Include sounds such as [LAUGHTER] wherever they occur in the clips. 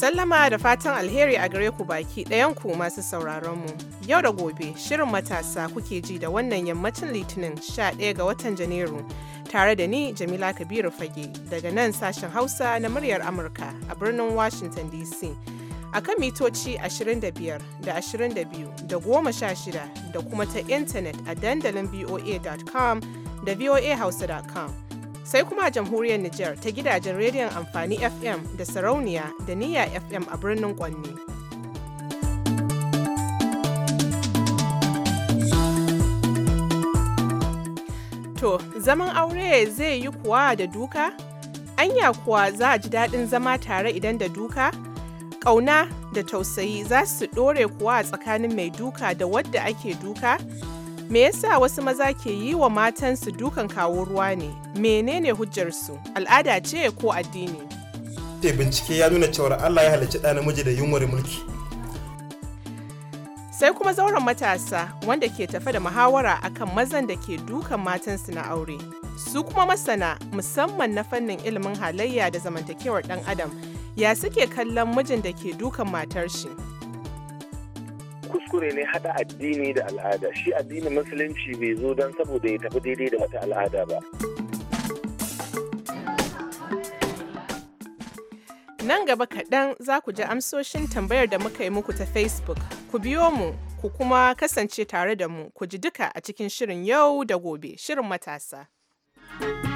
Sallama da fatan alheri a gare ku baki ɗayan ku masu sauraronmu. Yau da gobe shirin matasa kuke ji da wannan yammacin litinin 11 ga watan Janairu tare da ni Jamila Kabiru Fage daga nan sashen Hausa na muryar Amurka a birnin Washington DC. A kan mitoci 25 da 22 da 16 da kuma ta intanet a dandalin voa.com da voahausa.com. sai kuma a jamhuriyar Nijar ta gidajen rediyon amfani FM da sarauniya da niyya FM a birnin Kwanne. To, zaman aure zai yi kuwa da duka? Anya kuwa za a ji daɗin zama tare idan da duka? Ƙauna da tausayi za su ɗore kuwa a tsakanin mai duka da wadda ake duka? Me yasa wasu maza ke yi wa matansu dukan kawo ruwa ne? Menene hujjarsu? Al'ada ce ko addini? Te bincike ya nuna cewa Allah ya halicci ɗa namiji da yunwar mulki. Sai kuma zauren matasa wanda ke tafe da muhawara akan mazan da ke dukan matansu na aure. Su kuma masana musamman na fannin ilimin halayya da zamantakewar ɗan adam ya suke kallon mijin da ke dukan matar shi. kuskure ne hada addini da al'ada shi addinin musulunci bai zo don saboda ya tafi daidai da wata al'ada ba nan gaba kaɗan za ku ji amsoshin tambayar da muka yi muku ta facebook ku biyo mu ku kuma kasance tare da mu ku ji duka a cikin shirin yau da gobe shirin matasa. thank you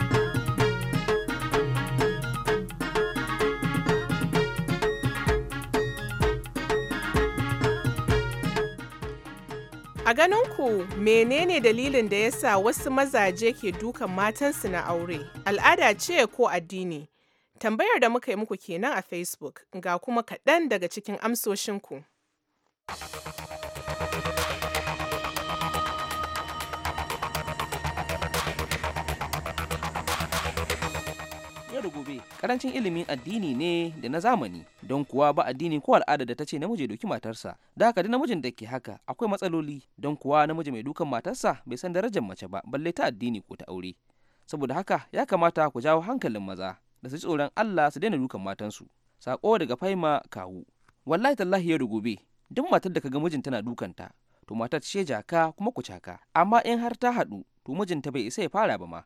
A ganin ku menene dalilin da yasa wasu mazaje ke dukan matansu na aure? Al'ada ce ko addini? Tambayar da muka yi muku kenan a Facebook ga kuma kaɗan daga cikin amsoshinku. gobe karancin ilimin addini ne da na zamani don kuwa ba addini ko al'ada da ta ce namiji doki matarsa da haka da namijin da ke haka akwai matsaloli don kuwa namiji mai dukan matarsa bai san darajar mace ba balle ta addini ko ta aure saboda haka ya kamata ku jawo hankalin maza da su ji tsoron Allah su daina dukan matansu sako daga faima kawu wallahi tallahi ya gobe duk matar da ka ga mijin tana dukanta to matar ce jaka kuma ku caka amma in har ta haɗu to mijinta bai isa ya fara ba ma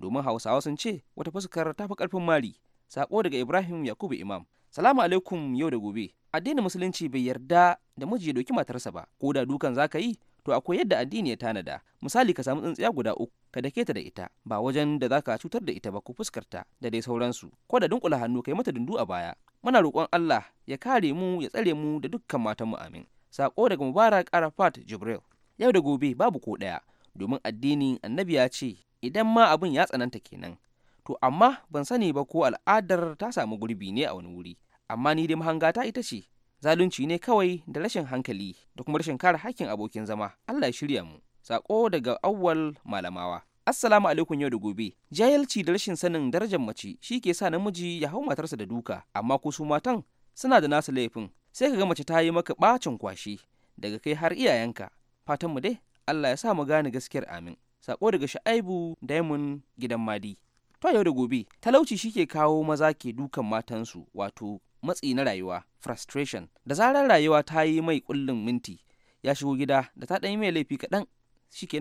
domin hausawa sun ce wata fuskar ta fi karfin mari sako daga ibrahim yakubu imam salamu alaikum yau da gobe addinin musulunci bai yarda da miji ya doki matarsa ba ko da dukan zaka yi to akwai yadda addini ya tanada misali ka samu tsintsiya guda uku ka dake ta da ita ba wajen da zaka cutar da ita ba ko fuskarta da dai sauransu ko da dunkula hannu kai mata dundu a baya muna roƙon Allah ya kare mu ya tsare mu da dukkan matan mu amin sako daga mubarak arafat jibril yau da gobe babu ko ɗaya domin addinin annabi ya ce idan ma abin ya tsananta kenan to amma ban sani ba ko al'adar ta samu gurbi ne a wani wuri amma ni dai mahangata ita ce zalunci ne kawai da rashin hankali da kuma rashin kare hakkin abokin zama Allah ya shirya mu sako daga awwal malamawa assalamu alaikum yau da gobe jahilci da rashin sanin darajar mace shi ke sa namiji ya hau matarsa da duka amma ko su matan suna da nasu laifin sai ka ga mace ta yi maka bacin kwashi daga kai har iyayenka fatan mu dai Allah ya sa mu gane gaskiyar amin sako daga sha'aibu diamond gidan madi to yau da gobe talauci shi ke kawo maza ke dukan matansu wato matsi na rayuwa frustration da zarar rayuwa ta yi mai kullum minti ya shigo gida da ta ɗan yi mai laifi kaɗan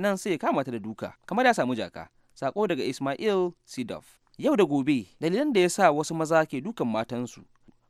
nan sai ya kama ta da duka kamar ya samu jaka sako daga ismail sidof yau da gobe dalilan da ya sa wasu maza ke dukan matansu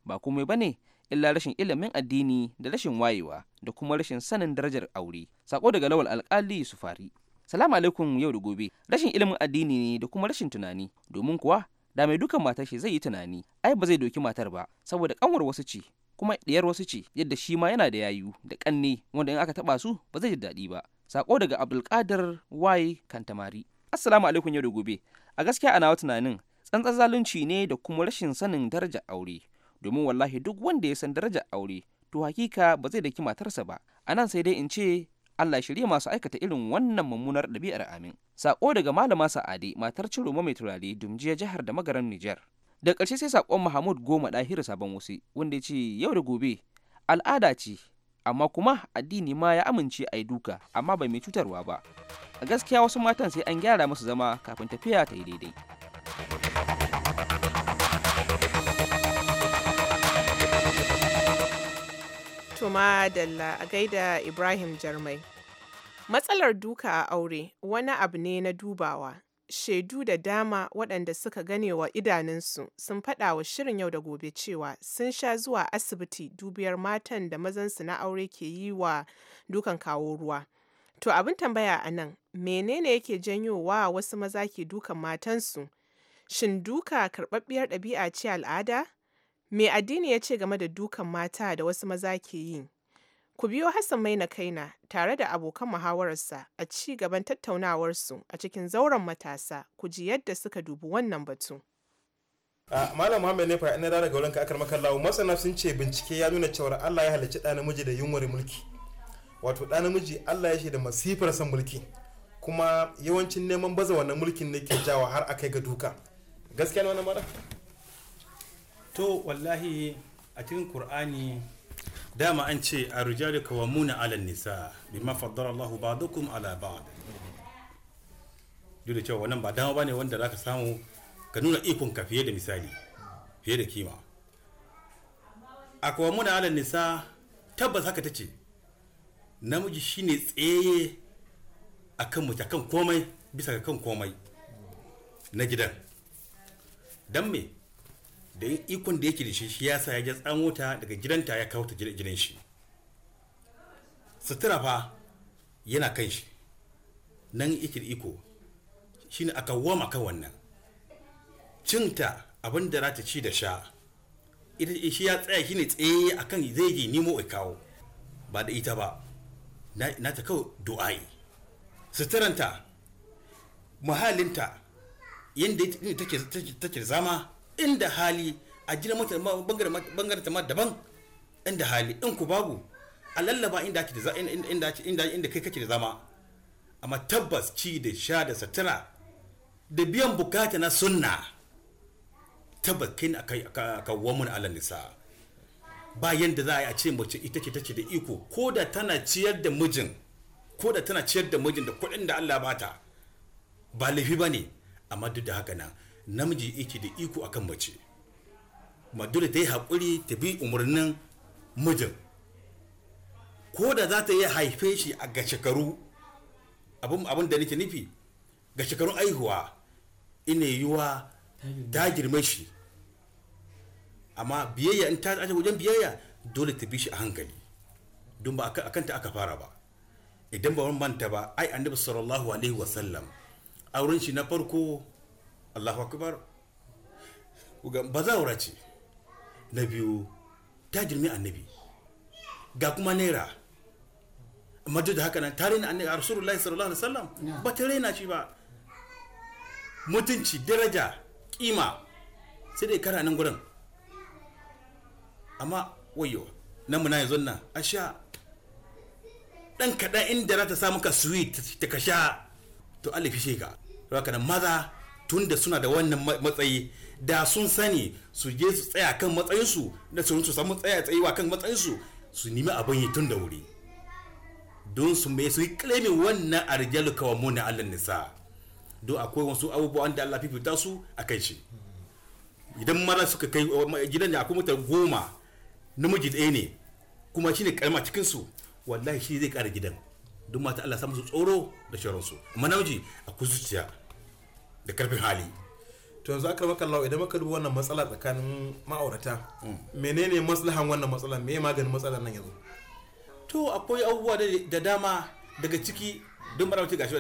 ba komai bane illa rashin ilimin addini da rashin wayewa da kuma rashin sanin darajar aure sako daga lawal alkali su fari. salamu alaikum yau da gobe rashin ilimin addini ne da kuma rashin tunani domin kuwa da mai dukan matar shi zai yi tunani ai ba zai doki matar ba saboda kanwar wasu ce kuma ɗiyar wasu ce yadda shi ma yana da yayu da kanne wanda in aka taɓa su ba zai ji daɗi ba sako daga abdulkadir y kantamari assalamu alaikum yau da gobe a gaskiya ana tunanin Tsantsan zalunci ne da kuma rashin sanin darajar aure domin wallahi duk wanda ya san darajar aure to hakika ba zai daki matarsa ba anan sai dai in ce Allah shirya masu aikata irin wannan mummunar ɗabi'ar amin. Sako daga malama Sa'ade matar Ciroma mai turare Dumjiya jihar da magaran Nijar. Da ƙarshe sai sakon Mahmud Goma ɗahira Sabon Wuse wanda ya ce yau da gobe al'ada ce amma kuma addini ma ya amince a yi duka amma bai mai cutarwa ba. A gaskiya wasu matan sai an gyara musu zama kafin tafiya ta yi daidai. Tuma Dalla a gaida Ibrahim Jarmai. Matsalar duka a aure wani abu ne na dubawa. Shaidu da dama waɗanda suka gane wa idanunsu sun faɗa wa shirin yau da gobe cewa sun sha zuwa asibiti dubiyar matan da mazansu na aure ke yi wa dukan kawo ruwa. To abin tambaya a nan, menene yake janyowa wasu maza ke dukan matansu? Shin duka karɓaɓɓiyar ɗabi'a ce al'ada? Me addini ya ce game da dukan mata da wasu maza ke yi? Ku biyo Hassan Maina Kaina tare da abokan muhawararsa a ci gaban tattaunawarsu a cikin zauren matasa ku ji yadda suka dubi wannan batu. malam muhammad ne fa ina da daga wurin akar lawo masana sun ce bincike ya nuna cewa allah ya halicci ɗa namiji da yunwar mulki wato ɗa namiji allah ya shi da masifar san mulki kuma yawancin neman baza wannan mulkin ne ke jawa har a kai ga duka gaskiya ne wannan mara to wallahi a cikin Kur'ani dama an ce a kawo muna ala nisa bima faddara Allahu ba'dukum ala ba. duk da cewa wannan ba dama bane wanda zaka samu ka nuna ikon ka fiye da misali fiye da kima a muna ala nisa tabbas haka ta ce. namiji shine tsaye akan mace kan komai bisa ga kan komai na gidan dan me da ikon da yake da shi shi ya sa ya tsamo daga gidanta ya kawo ta gidan shi sutura fa yana kan shi nan yake da iko shine aka woma kan wannan cinta abin da za ta ci da sha ita eh, shi ya tsaya shine tsaye akan zai je nemo ya kawo ba da ita ba na ta kawo du'ai suturanta muhallinta yadda take zama inda hali a gina mata bangaren ta ma daban inda hali in ku babu a lallaba inda ake da inda inda kai kake da zama amma tabbas ci da sha da satira da biyan bukata na sunna tabbas kai akai kawo mun ala nisa ba yanda za a yi a ce mace ita ce ce da iko ko da tana ciyar da mijin ko da tana ciyar da mijin da kuɗin da Allah ba ta, ba laifi ba ne amma duk da haka nan namiji yake da iko akan mace ma dole ta yi hakuri ta bi umarnin mijin ko da za ta yi haife shi a ga shekaru abin da nake nufi ga shekarun aihuwa ina yiwa ta girme shi amma biyayya in ta aje wajen biyayya dole ta bi shi a hankali don ba a kanta aka fara ba idan ba manta ba ai annabi sallallahu alaihi wasallam auren shi na farko Allahu akbar kuga bazawra ce na biyu ta girmi annabi ga kuma naira majo da haka nan tare na annabi rasulullahi sallallahu alaihi wasallam ba ta raina shi ba mutunci daraja kima sai dai kara nan gurin amma wayo nan muna yanzu nan a sha dan kaɗan inda za ta samu ka sweet ta ka sha to alifi shi ka maza tunda suna da wannan matsayi da sun sani su je su tsaya kan matsayinsu da su su samu tsaya tsayiwa kan matsayinsu su nemi abin yi tun da wuri don su mai su yi kalemin wannan arjalu kawa muna allan nisa don akwai wasu abubuwan da allah fifita su a kai shi idan mara suka kai gidan da akwai ta goma namiji daya ne kuma shine ne cikin su wallahi shi zai kara gidan don mata allah samu su tsoro da sharansu amma namiji akwai da karfin hali to yanzu aka maka Allah idan muka duba wannan matsala tsakanin ma'aurata mm. menene maslahan wannan matsala me maganin matsalan nan yanzu to akwai abubuwa da dama daga ciki don bara mutu gashi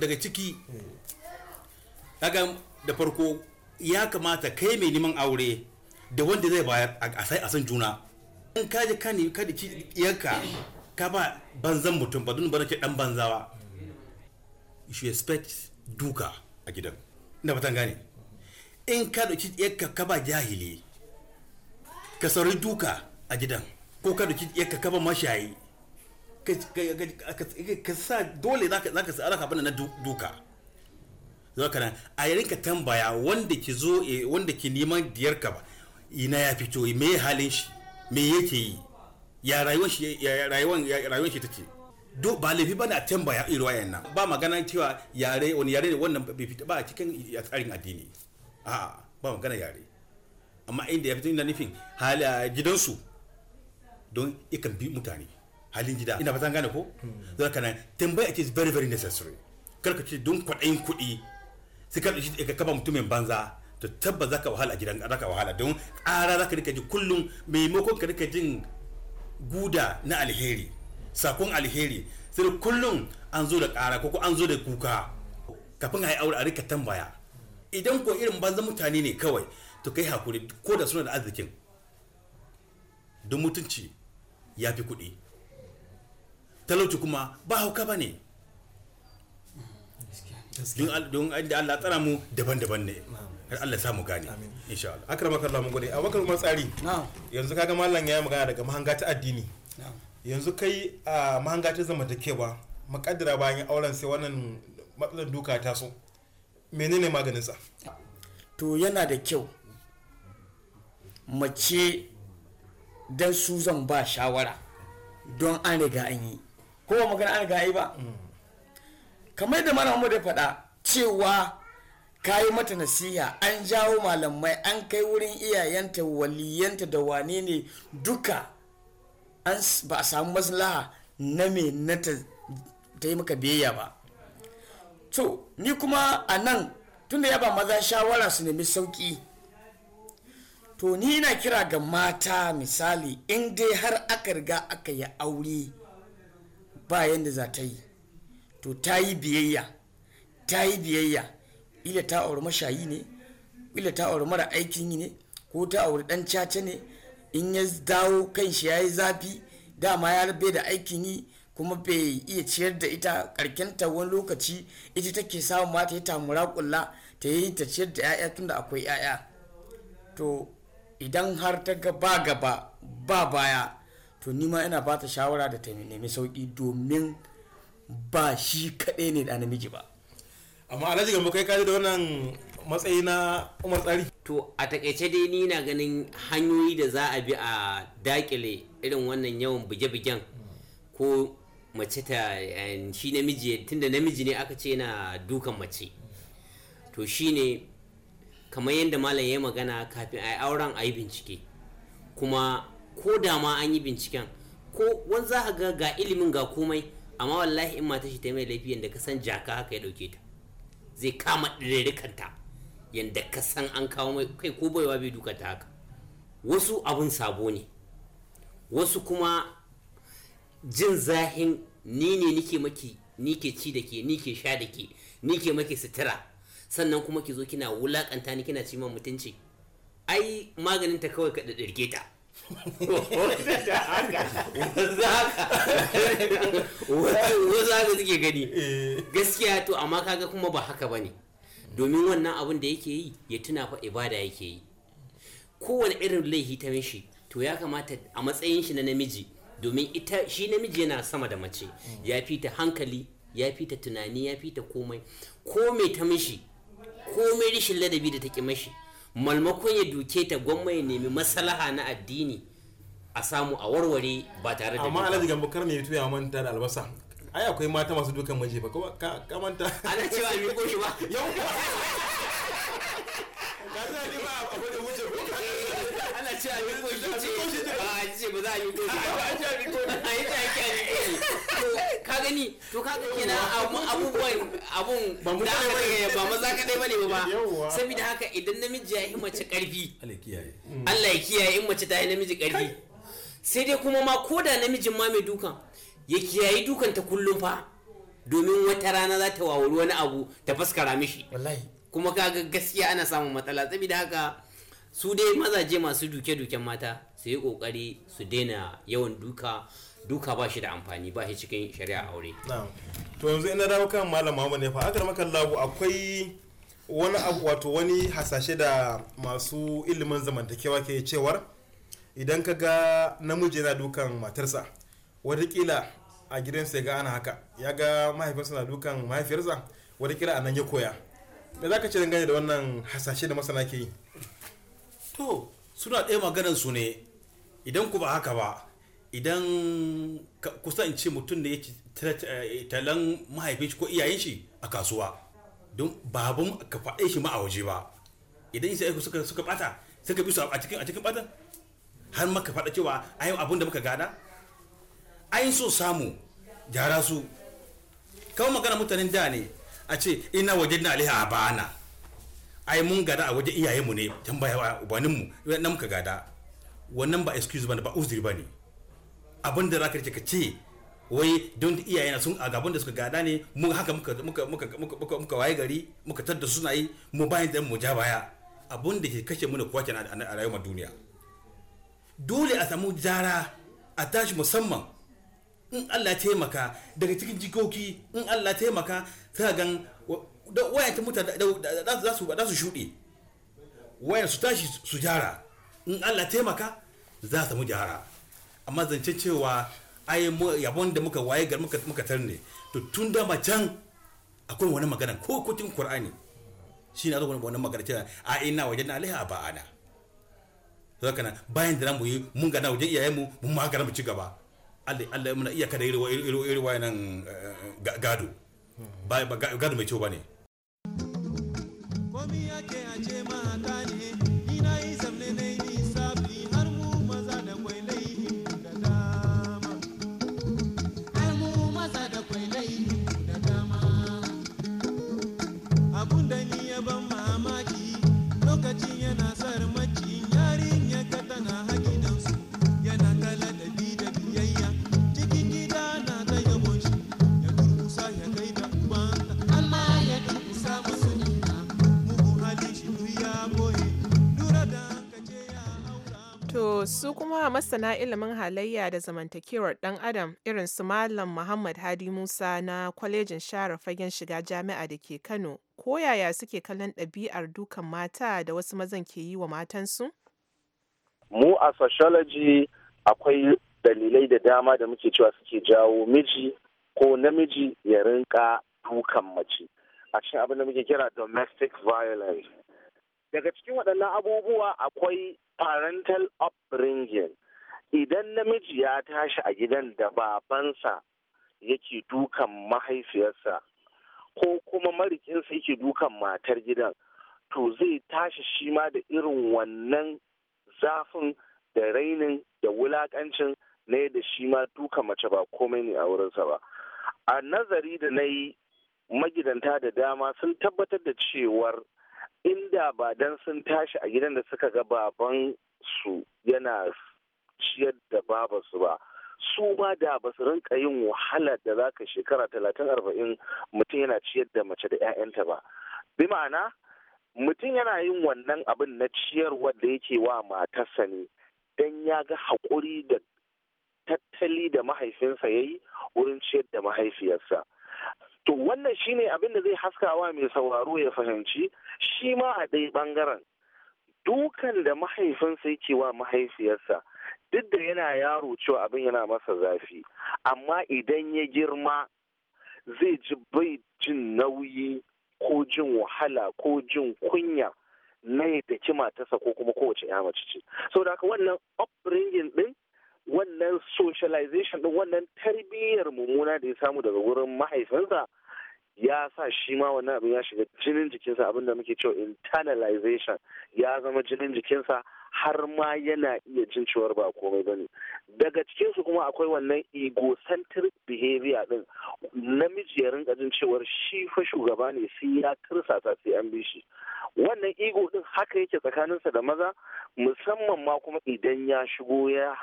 daga ciki daga mm. da farko ya kamata kai mai neman aure da wanda zai bayar a sai a san juna in ka ji ka nemi ka da yanka ka ba banzan mutum ba don bara ce dan banzawa you should expect duka a gidan na batan gane in ka dauki yakka ka ba jahili ka sauri duka a gidan ko ka dauki yakka ka ba mashayi ka sa dole za ka sa alaka bana na duka zuwa kana a yarin ka tambaya wanda ki zo eh, wanda ki neman diyar ka ba ina ya fito me halin shi me yake yi ya rayuwar shi rayuwar shi take do ba laifi ne a tambaya irin wayan nan ba magana cewa yare wani yare ne wannan bai fita ba a cikin tsarin addini a ba magana yare amma inda ya fito ina nufin hali gidansu don ikan bi mutane halin gida ina fatan gane ko zai hmm. kana tambaya ake very very necessary karka ce don kwaɗayin kuɗi sai ka ɗauki ka kaba mutumin banza to tabbas zaka wahala a gidan zaka wahala don ƙara zaka rika ji kullum maimakon ka rika jin guda na alheri sakon alheri sai kullum an zo da ƙara ko an zo da kuka kafin a yi aure a rika tambaya idan ko irin banza mutane ne kawai to kai hakuri ko da suna da arzikin don mutunci ya fi kuɗi talauci kuma ba hauka ba ne don inda Allah tsara mu daban-daban ne har Allah samu gane insha Allah akramakallahu mun gode a wakar matsari yanzu kaga mallan ya magana daga mahanga ta addini yanzu kai a mahanga ta zama kewa makaddara bayan auren sai wannan matsalar duka ta so menene maganinsa to yana da kyau mace don su zan ba shawara don an riga an yi ba magana an riga yi ba mm. kamar da mana umar da faɗa cewa ka yi mata nasiha an jawo malamai an kai wurin iyayenta waliyanta da wane ne duka ba a samu maslaha na me na ta yi maka biyayya ba to ni kuma a nan tunda ya ba maza shawara su nemi sauki to ni na kira ga mata misali in dai har aka riga aka yi aure ba yadda za ta yi to ta yi biyayya ta yi biyayya ila ta auri mashayi ne ila ta auri mara aikin yi ne ko ta auri dan caca ne in ya dawo kan shi ya yi zafi dama ya rabe da aikin yi kuma bai iya ciyar da ita ta wani lokaci ita take samun mata ya tamura kulla ta yi ta ciyar da 'ya'ya tunda akwai 'ya'ya to idan har ta ga ba gaba ba baya to nima ina ba ta shawara da ta nemi sauki domin ba shi kaɗai ne da namiji ba amma alhaji gambo kai kaji da wannan matsayi na umar tsari to a takaice dai ni na ganin hanyoyi da za a bi a dakile irin wannan yawan buge-bugen ko mace ta eh, shi namiji tunda namiji ne aka ce yana dukan mace to shine kamar yadda malam ya magana kafin a yi auren a yi bincike kuma ko da ma an yi binciken ko wani za ga ga ilimin ga komai amma wallahi in mata shi ta mai laifi yadda ka san jaka haka ya ɗauke ta zai kama ɗirarikanta yadda ka san an kawo mai kai ko baiwa bai duka ta haka wasu abun sabo ne wasu kuma jin zahin ni ne nike maki ni ke ci da ke ni ke sha da ke ni ke maki sutura sannan kuma ki zo kina wulakanta ni kina cima mutunci ai maganin ta kawai ka dadirge ta [LAUGHS] wasu haka suke gani eh. gaskiya to amma kaga kuma ba haka ba ne domin wannan abin da yake yi ya tuna fa ibada yake yi kowane irin laifi ta mishi to ya kamata a matsayin shi na namiji domin ita shi namiji yana sama da mace ya fi ta hankali ya fi ta tunani ya fi ta komai ko mai ta mishi komai rishin ladabi da ta take mashi malmakon ya duke ta gwamma ya nemi masalaha na addini a samu a warware ba tare da amma alhaji gambo karni ya tuya manta da albasa ai akwai mata masu dukan miji ba ka manta ana cewa mi ko shi ba yau ba ka za ni ba abu da wuce ko ana cewa mi ko shi ce ba a ce ba za a yi ko shi ba a ce ko shi a yi ta yake ne ka gani to ka ga kenan abubuwan abun da aka daga ba maza kadai bane ba saboda haka idan namiji ya yi mace karfi Allah ya kiyaye Allah ya kiyaye in mace ta yi namiji karfi sai dai kuma ma ko da namijin ma mai dukan ya kiyaye dukanta kullum fa domin wata rana za ta wawuri wani abu ta faskara mishi wallahi kuma kaga gaskiya ana samun matsala saboda haka su dai mazaje masu duke-duken mata su yi kokari su daina yawan duka duka ba shi da amfani ba shi cikin shari'a aure to yanzu ina dawo kan malam Muhammad ne fa maka makallahu akwai wani abu wato wani hasashe da masu ilimin zamantakewa ke cewar idan ka ga namiji yana dukan matarsa kila. a gidansa ya ga ana haka ya ga mahaifinsa na dukan mahaifiyarsa wata kira a nan ya koya me za ka ce dangane da wannan hasashe da masana ke yi to suna ɗaya maganar su ne idan ku ba haka ba idan kusa in ce mutum da ya ci talan mahaifin shi ko iyayen shi a kasuwa don babun ka faɗe shi ma a waje ba idan sai suka suka bata suka bi su a cikin a cikin batan har maka faɗa cewa ayi abin da muka gada ayin so samu gyara su kawo magana mutanen da ne a ce ina waje na aliha a bana ai mun gada a waje iyayenmu ne can baya ubaninmu nan muka gada wannan ba excuse bane ba uzuri bane abin da zaka ka ce wai don iyayena sun a gaban da suka gada ne mun haka muka muka muka muka waye gari muka tadda suna yi mu bayan da mu ja baya abin da ke kashe mu da kuwa kenan a rayuwar duniya dole a samu jara a tashi musamman in Allah taimaka daga cikin jikoki in Allah taimaka ta gan waya ta muta za su za su shuɗe wayar su tashi su jara in Allah taimaka za su mu jara amma zance cewa ayi yabon da muka waye gar muka tarne to tun da macan akwai wani magana ko kutin Qur'ani shi na akwai wani magana cewa a ina wajen alaiha ba ana na bayan da mu yi mun ga na wajen iyayen mu mun magana mu ci gaba Allah muna iya kada irin wayanan eh, eh, gado gado mai kyau ba ne Su kuma masana ilimin halayya da zamantakewar ɗan Adam irin su Malam Muhammad Hadi Musa na kwalejin share fagen shiga jami'a da ke Kano, ko yaya suke kallon ɗabi'ar dukan mata da wasu mazan ke yi wa matansu? Mu a sociology akwai dalilai da dama da muke cewa suke jawo miji ko namiji ya rinka dukan mace. A cikin abin da muke kira domestic violence. daga cikin waɗannan abubuwa akwai parental upbringing idan namiji ya tashi a gidan da babansa yake dukan mahaifiyarsa ko kuma marikinsa yake dukan matar gidan to zai tashi shi ma da irin wannan zafin da rainin da wulakancin na yadda shi ma duka mace ba komai ne a wurinsa ba a nazari da na yi magidanta da dama sun tabbatar da cewar inda ba dan sun tashi a gidan da suka ga baban su yana ciyar da su ba su ma da ba su rinka yin wahala da za ka shekara talatin arba'in mutum yana ciyar da mace da 'ya'yanta ba bi ma'ana mutum yana yin wannan abin na ciyarwa da yake wa matarsa ne dan ya ga haƙuri da tattali da mahaifinsa ya yi wurin ciyar da mahaifiyarsa To wannan shine abin da zai haskawa mai sauraro ya fahimci shi ma a ɗaya ɓangaren. Dukan da mahaifinsa yake wa mahaifiyarsa duk da yana yaro cewa abin yana masa zafi, amma idan ya girma zai ji bai jin nauyi ko jin wahala ko jin kunya na yadda kima tasa ko kuma kowace ya mace ce. Sau da haka wannan upbringing din. wannan socialization din wannan tarbiyyar mummuna da ya samu daga wurin mahaifinsa ya sa shi ma wannan abin ya shiga jinin jikinsa abin da muke cewa internalization ya zama jinin jikinsa har ma yana iya jin cewar ba komai ba ne daga cikinsu kuma akwai wannan egocentric behavior din namiji ya rinka jin cewar shi fa shugaba ne sai ya tursasa sai an bi shi wannan ego din haka yake tsakaninsa da maza musamman ma kuma idan ya shigo ya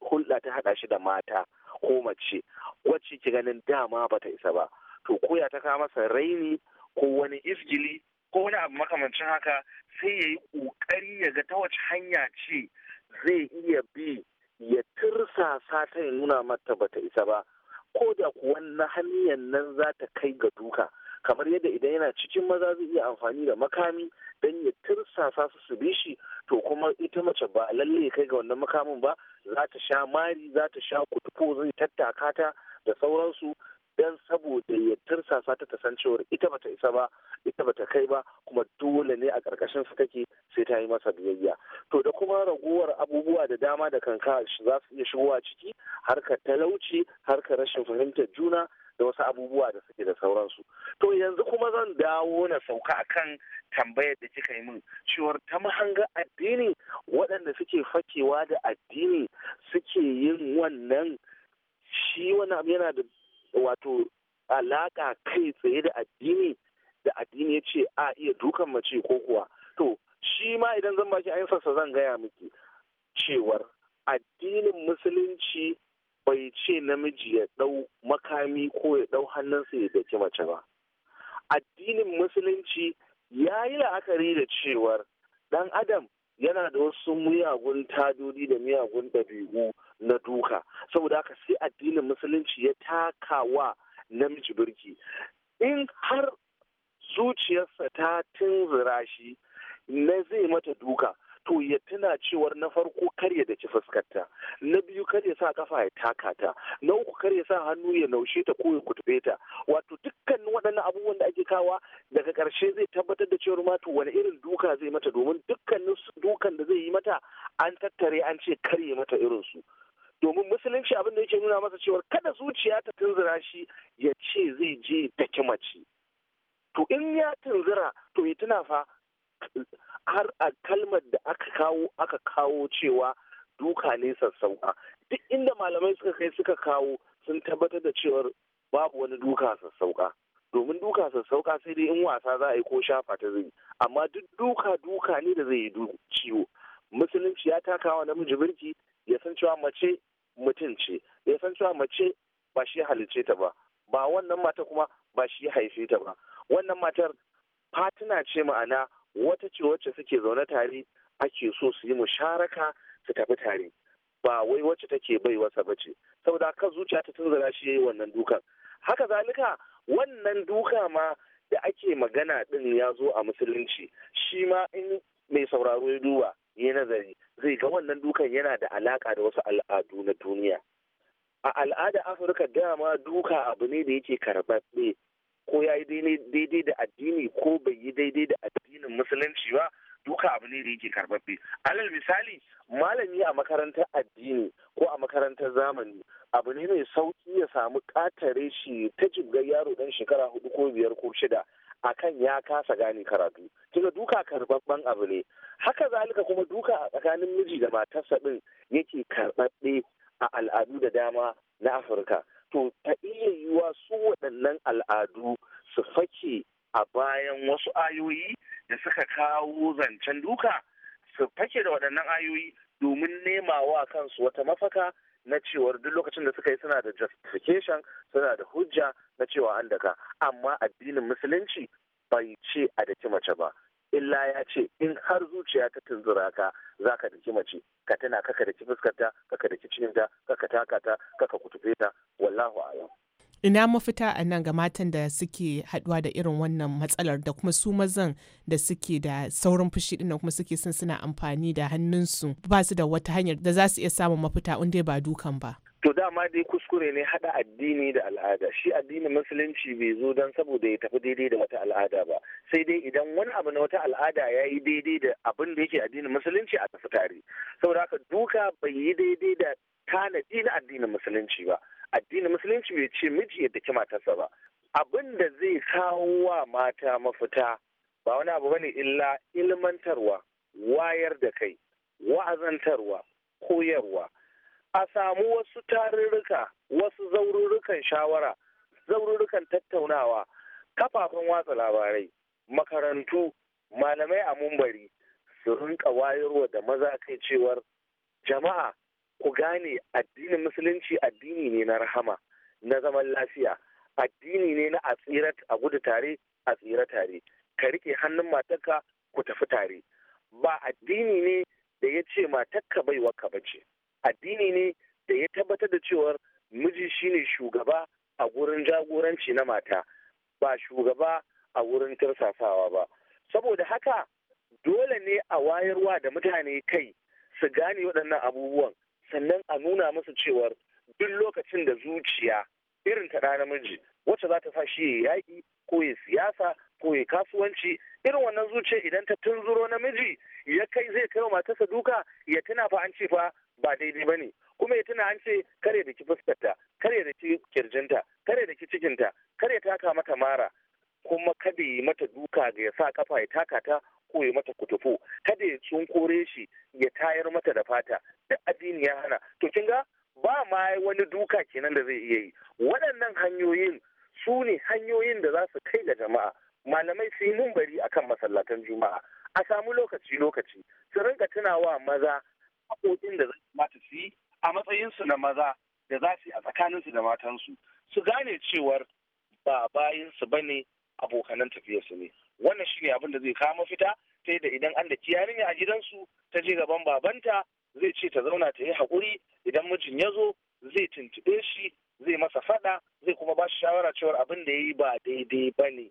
hulɗa ta haɗa shi da mata ko mace wacce ki ganin dama bata isa ba to koya ta kawo masa raini ko wani isgili ko wani abu makamancin haka sai ya yi ƙoƙari ya ga ta wace hanya ce zai iya bi ya tursa sata ya nuna mata bata isa ba ko da kuwa na hanyar nan za ta kai ga duka kamar yadda idan yana cikin maza zai iya amfani da makami don ya tirsasa su su bi shi to kuma ita mace ba lalle kai ga wannan makamin ba za ta sha mari za ta sha kutufo zai tattaka ta da sauransu don saboda ya tirsasa ta san cewar ita bata isa ba ita bata kai ba kuma dole ne a ƙarƙashin su kake sai ta yi masa biyayya to da kuma ragowar abubuwa da dama da kanka za su iya shigowa ciki harkar talauci harkar rashin fahimtar juna da wasu abubuwa da suke da sauransu to yanzu kuma zan dawo na sauka akan tambayar da kika yi min cewar ta mahanga addini waɗanda suke fakewa da addini suke yin wannan shi wani abu yana da wato alaƙa kai tsaye da addini da addini ya ce a iya dukan mace ko kuwa to shi ma idan zan baki ayyukansa zan gaya miki cewar addinin musulunci bai ce namiji ya ɗau makami ko ya ɗau hannunsa ya daki mace ba addinin musulunci ya yi la'akari da cewar ɗan adam yana da wasu miyagun tadodi da miyagun ɗabi'u na duka saboda haka sai addinin musulunci ya taka wa namiji birki in har zuciyarsa ta tunzura shi na zai mata duka to ya tuna cewar na farko kar ya daci fuskarta na biyu kar ya sa kafa ya taka ta na uku kar ya sa hannu ya naushe ta ko ya kutube ta wato dukkanin waɗannan abubuwan da ake kawa daga ƙarshe zai tabbatar da cewar ma to wani irin duka zai mata domin dukkanin dukan da zai yi mata an tattare an ce kar ya mata irin su domin musulunci abin da yake nuna masa cewar kada zuciya ta tunzura shi ya ce zai je daki mace to in ya tunzura to ya tuna fa har a kalmar da aka kawo aka kawo cewa duka ne sassauka duk inda malamai suka kai suka kawo sun tabbatar da cewa babu wani duka sassauka domin duka sassauka sai dai in wasa za a yi ko shafa ta zai amma duk duka duka ne da zai yi ciwo musulunci ya taka wa namiji birki ya san cewa mace mutum ce ya san cewa mace ba shi halice ta ba ba wannan mata kuma ba shi haife ta ba wannan matar fatina ce ma'ana wata ce wacce suke zaune tare ake so su yi musharaka su tafi tare ba wai wacce take bai wasa ba ce saboda kan zuciya ta tunzura shi yayi wannan dukan haka zalika wannan duka ma da ake magana din ya zo a musulunci shi ma in mai sauraro ya duba ya nazari zai ga wannan dukan yana da alaka da wasu al'adu na duniya a al'adar afirka dama duka abu ne da yake karɓaɓɓe ko ya yi daidai da addini ko bai yi daidai da addinin musulunci ba duka abu ne da yake karbabbe alal misali malami a makarantar addini ko a makarantar zamani abu ne mai sauki ya samu katare shi ta jibgar yaro dan shekara hudu ko biyar ko shida akan ya kasa gane karatu kiga duka karbabban abu ne haka zalika kuma duka a tsakanin miji da matarsa din yake karbabbe a al'adu da dama na afirka to ta iya yiwa su waɗannan al'adu su fake a bayan wasu ayoyi da suka kawo zancen duka su fake da waɗannan ayoyi domin nema wa kansu wata mafaka na cewar duk lokacin da suka yi suna da justification suna da hujja na cewa an daga amma addinin musulunci bai ce a daki mace ba illa ya ce in har zuciya ta tunzura ka za ka daki mace ka tana kaka daki fuskarta kaka daki cinta kaka taka ta kaka kutufe ta wallahu a'lam ina mafita a nan ga matan da suke haduwa da irin wannan matsalar da kuma su mazan da suke da saurin fushi dinnan kuma suke son suna amfani da hannunsu ba su da wata hanyar da za su iya samun mafita in dai ba dukan ba to dama dai kuskure ne haɗa addini da al'ada shi addinin musulunci bai zo don saboda ya tafi daidai da wata al'ada ba sai dai idan wani abu na wata al'ada ya yi daidai da abin da yake addinin musulunci a tafi tare saboda haka duka bai yi daidai da tanadi na addinin musulunci ba addinin musulunci bai ce miji ya daki matarsa ba abin da zai kawo wa mata mafita ba wani abu bane illa ilmantarwa wayar da kai wa'azantarwa koyarwa a samu wasu tarurruka wasu zaururrukan shawara zaururrukan tattaunawa kafafen watsa labarai makarantu malamai a mumbari su rinka wayarwa da maza kai cewar jama'a ku gane addinin musulunci addini ne na rahama na zaman lafiya addini ne na a tsira a gudu tare a tsira tare ka rike hannun matarka ku tafi tare ba addini ne da ya ce matarka bai ka bace addini ne da ya tabbatar da cewar miji shine shugaba a gurin jagoranci na mata ba shugaba a wurin tirsasawa ba saboda haka dole ne a wayarwa da mutane kai su gane waɗannan abubuwan sannan a nuna musu cewar duk lokacin da zuciya irin ta namiji wacce za ta sa shi yaƙi ko ya siyasa koyi kasuwanci irin wannan zuciya idan ta tunzuro namiji ya kai zai kai wa matarsa duka ya tuna fa an ce fa ba daidai ba ne kuma ya tuna an ce kare da ki fuskarta kare da ki kirjinta kare da ki cikinta kare taka mata mara kuma kada yi mata duka ga ya sa kafa ya taka ta ko ya mata kutufu kada ya tsunkore shi ya tayar mata da fata duk addini ya hana to kin ga ba ma wani duka kenan da zai iya yi waɗannan hanyoyin su ne hanyoyin da za su kai ga jama'a malamai su yi a kan masallatan juma'a a samu lokaci lokaci su rinka tunawa maza haƙoƙin da zai su yi a matsayinsu na maza da za su yi a tsakaninsu da matansu su gane cewar ba bayansu ba ne abokanan tafiyarsu ne wannan shine abin da zai kama fita sai da idan an da yarinya a gidansu ta je gaban babanta zai ce ta zauna ta yi hakuri. idan mijin ya zo zai tuntuɓe shi zai masa faɗa zai kuma ba shi shawara cewar abin da ya yi ba daidai ba ne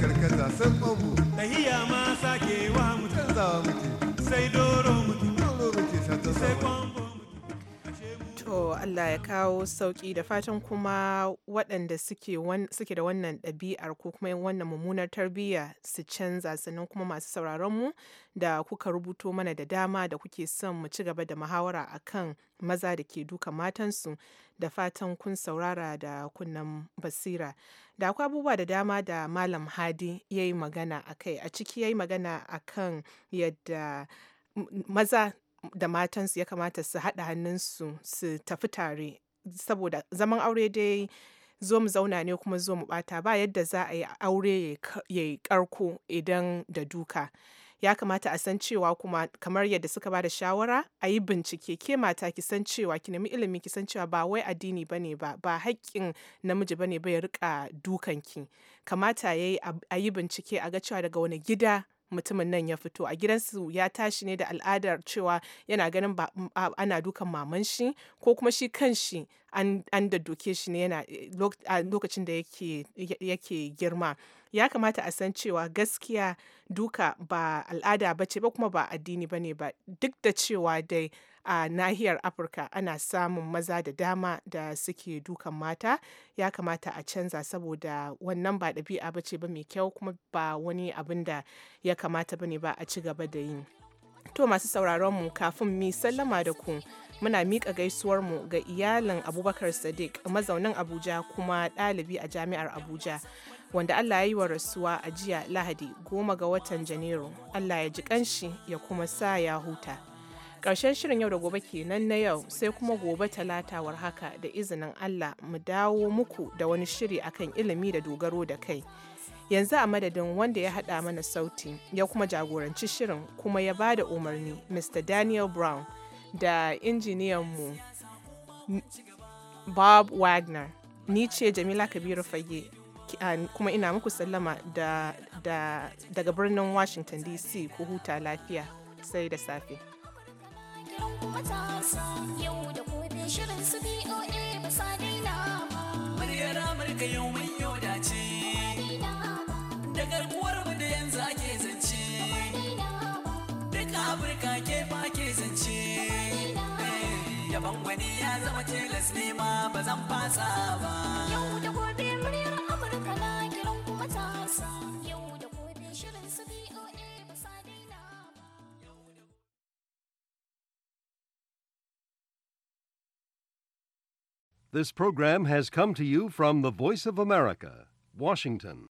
karkata san tahiya ma sake wa sai doro doro To Allah ya kawo sauki da fatan kuma waɗanda suke da wannan ɗabi'ar ko kuma wannan mummunar tarbiyya su canza sannan kuma masu sauraronmu da kuka rubuto mana da dama da kuke son mu ci gaba da muhawara akan maza da ke duka matansu da fatan kun saurara da kunnan basira da akwai abubuwa da dama da malam hadi ya yi magana a kai a ciki ya yi magana a kan yadda maza da matansu ya kamata su haɗa hannunsu su tafi tare saboda zaman aure dai zo mu zauna ne kuma zo mu bata ba yadda za a yi aure ya yi karko idan da duka ya kamata a san cewa kuma kamar yadda suka ba da shawara a yi bincike ke mata ki san cewa ki nemi ilimi ki san cewa ba wai addini ba ne ba ba haƙƙin namiji ba ne ba ya rika dukan ki kamata ya a yi bincike a ga cewa daga wani gida mutumin nan ya fito a gidansu ya tashi ne da al'adar cewa yana ganin ba ana dukan maman shi ko kuma shi kanshi. an da doke shi ne yana eh, a lokacin da yake girma ya kamata a san cewa gaskiya duka ba al'ada ba ce ba kuma ba addini ba ne ba duk da cewa dai a nahiyar afirka ana samun maza da dama da suke dukan mata ya kamata a canza saboda wannan ba ɗabi'a ba ce ba mai kyau kuma ba wani abin da ya kamata ba ne ba a ci gaba da yi to masu sauraron mu kafin mi sallama da ku muna miƙa mu ga iyalin abubakar sadiq mazaunin abuja kuma ɗalibi a jami'ar abuja wanda allah ya yi wa rasuwa a jiya lahadi goma ga watan janairu allah ya ji kanshi ya kuma sa ya huta karshen shirin yau da gobe kenan na yau sai kuma gobe talata talatawar haka da izinin allah mu dawo muku da wani shiri akan ilimi da dogaro da kai yanzu a madadin wanda ya haɗa mana sauti ya kuma jagoranci shirin kuma ya ba da umarni mr daniel brown da injiniyanmu Bob Wagner. Ni ce Jamila Kabiru Fage kuma ina muku sallama da, da, daga birnin Washington DC ku huta lafiya sai da safe. Yau da gobe shirin su ba sa daina ba. Muryar Amurka yau mai yau dace. Daga ya zama tilas ne ma ba zan fasa ba yau da gobe muryar amurka na kiran kuma ta yau da gobe shirin su boa ba sa daina ba This program has come to you from the Voice of America, Washington.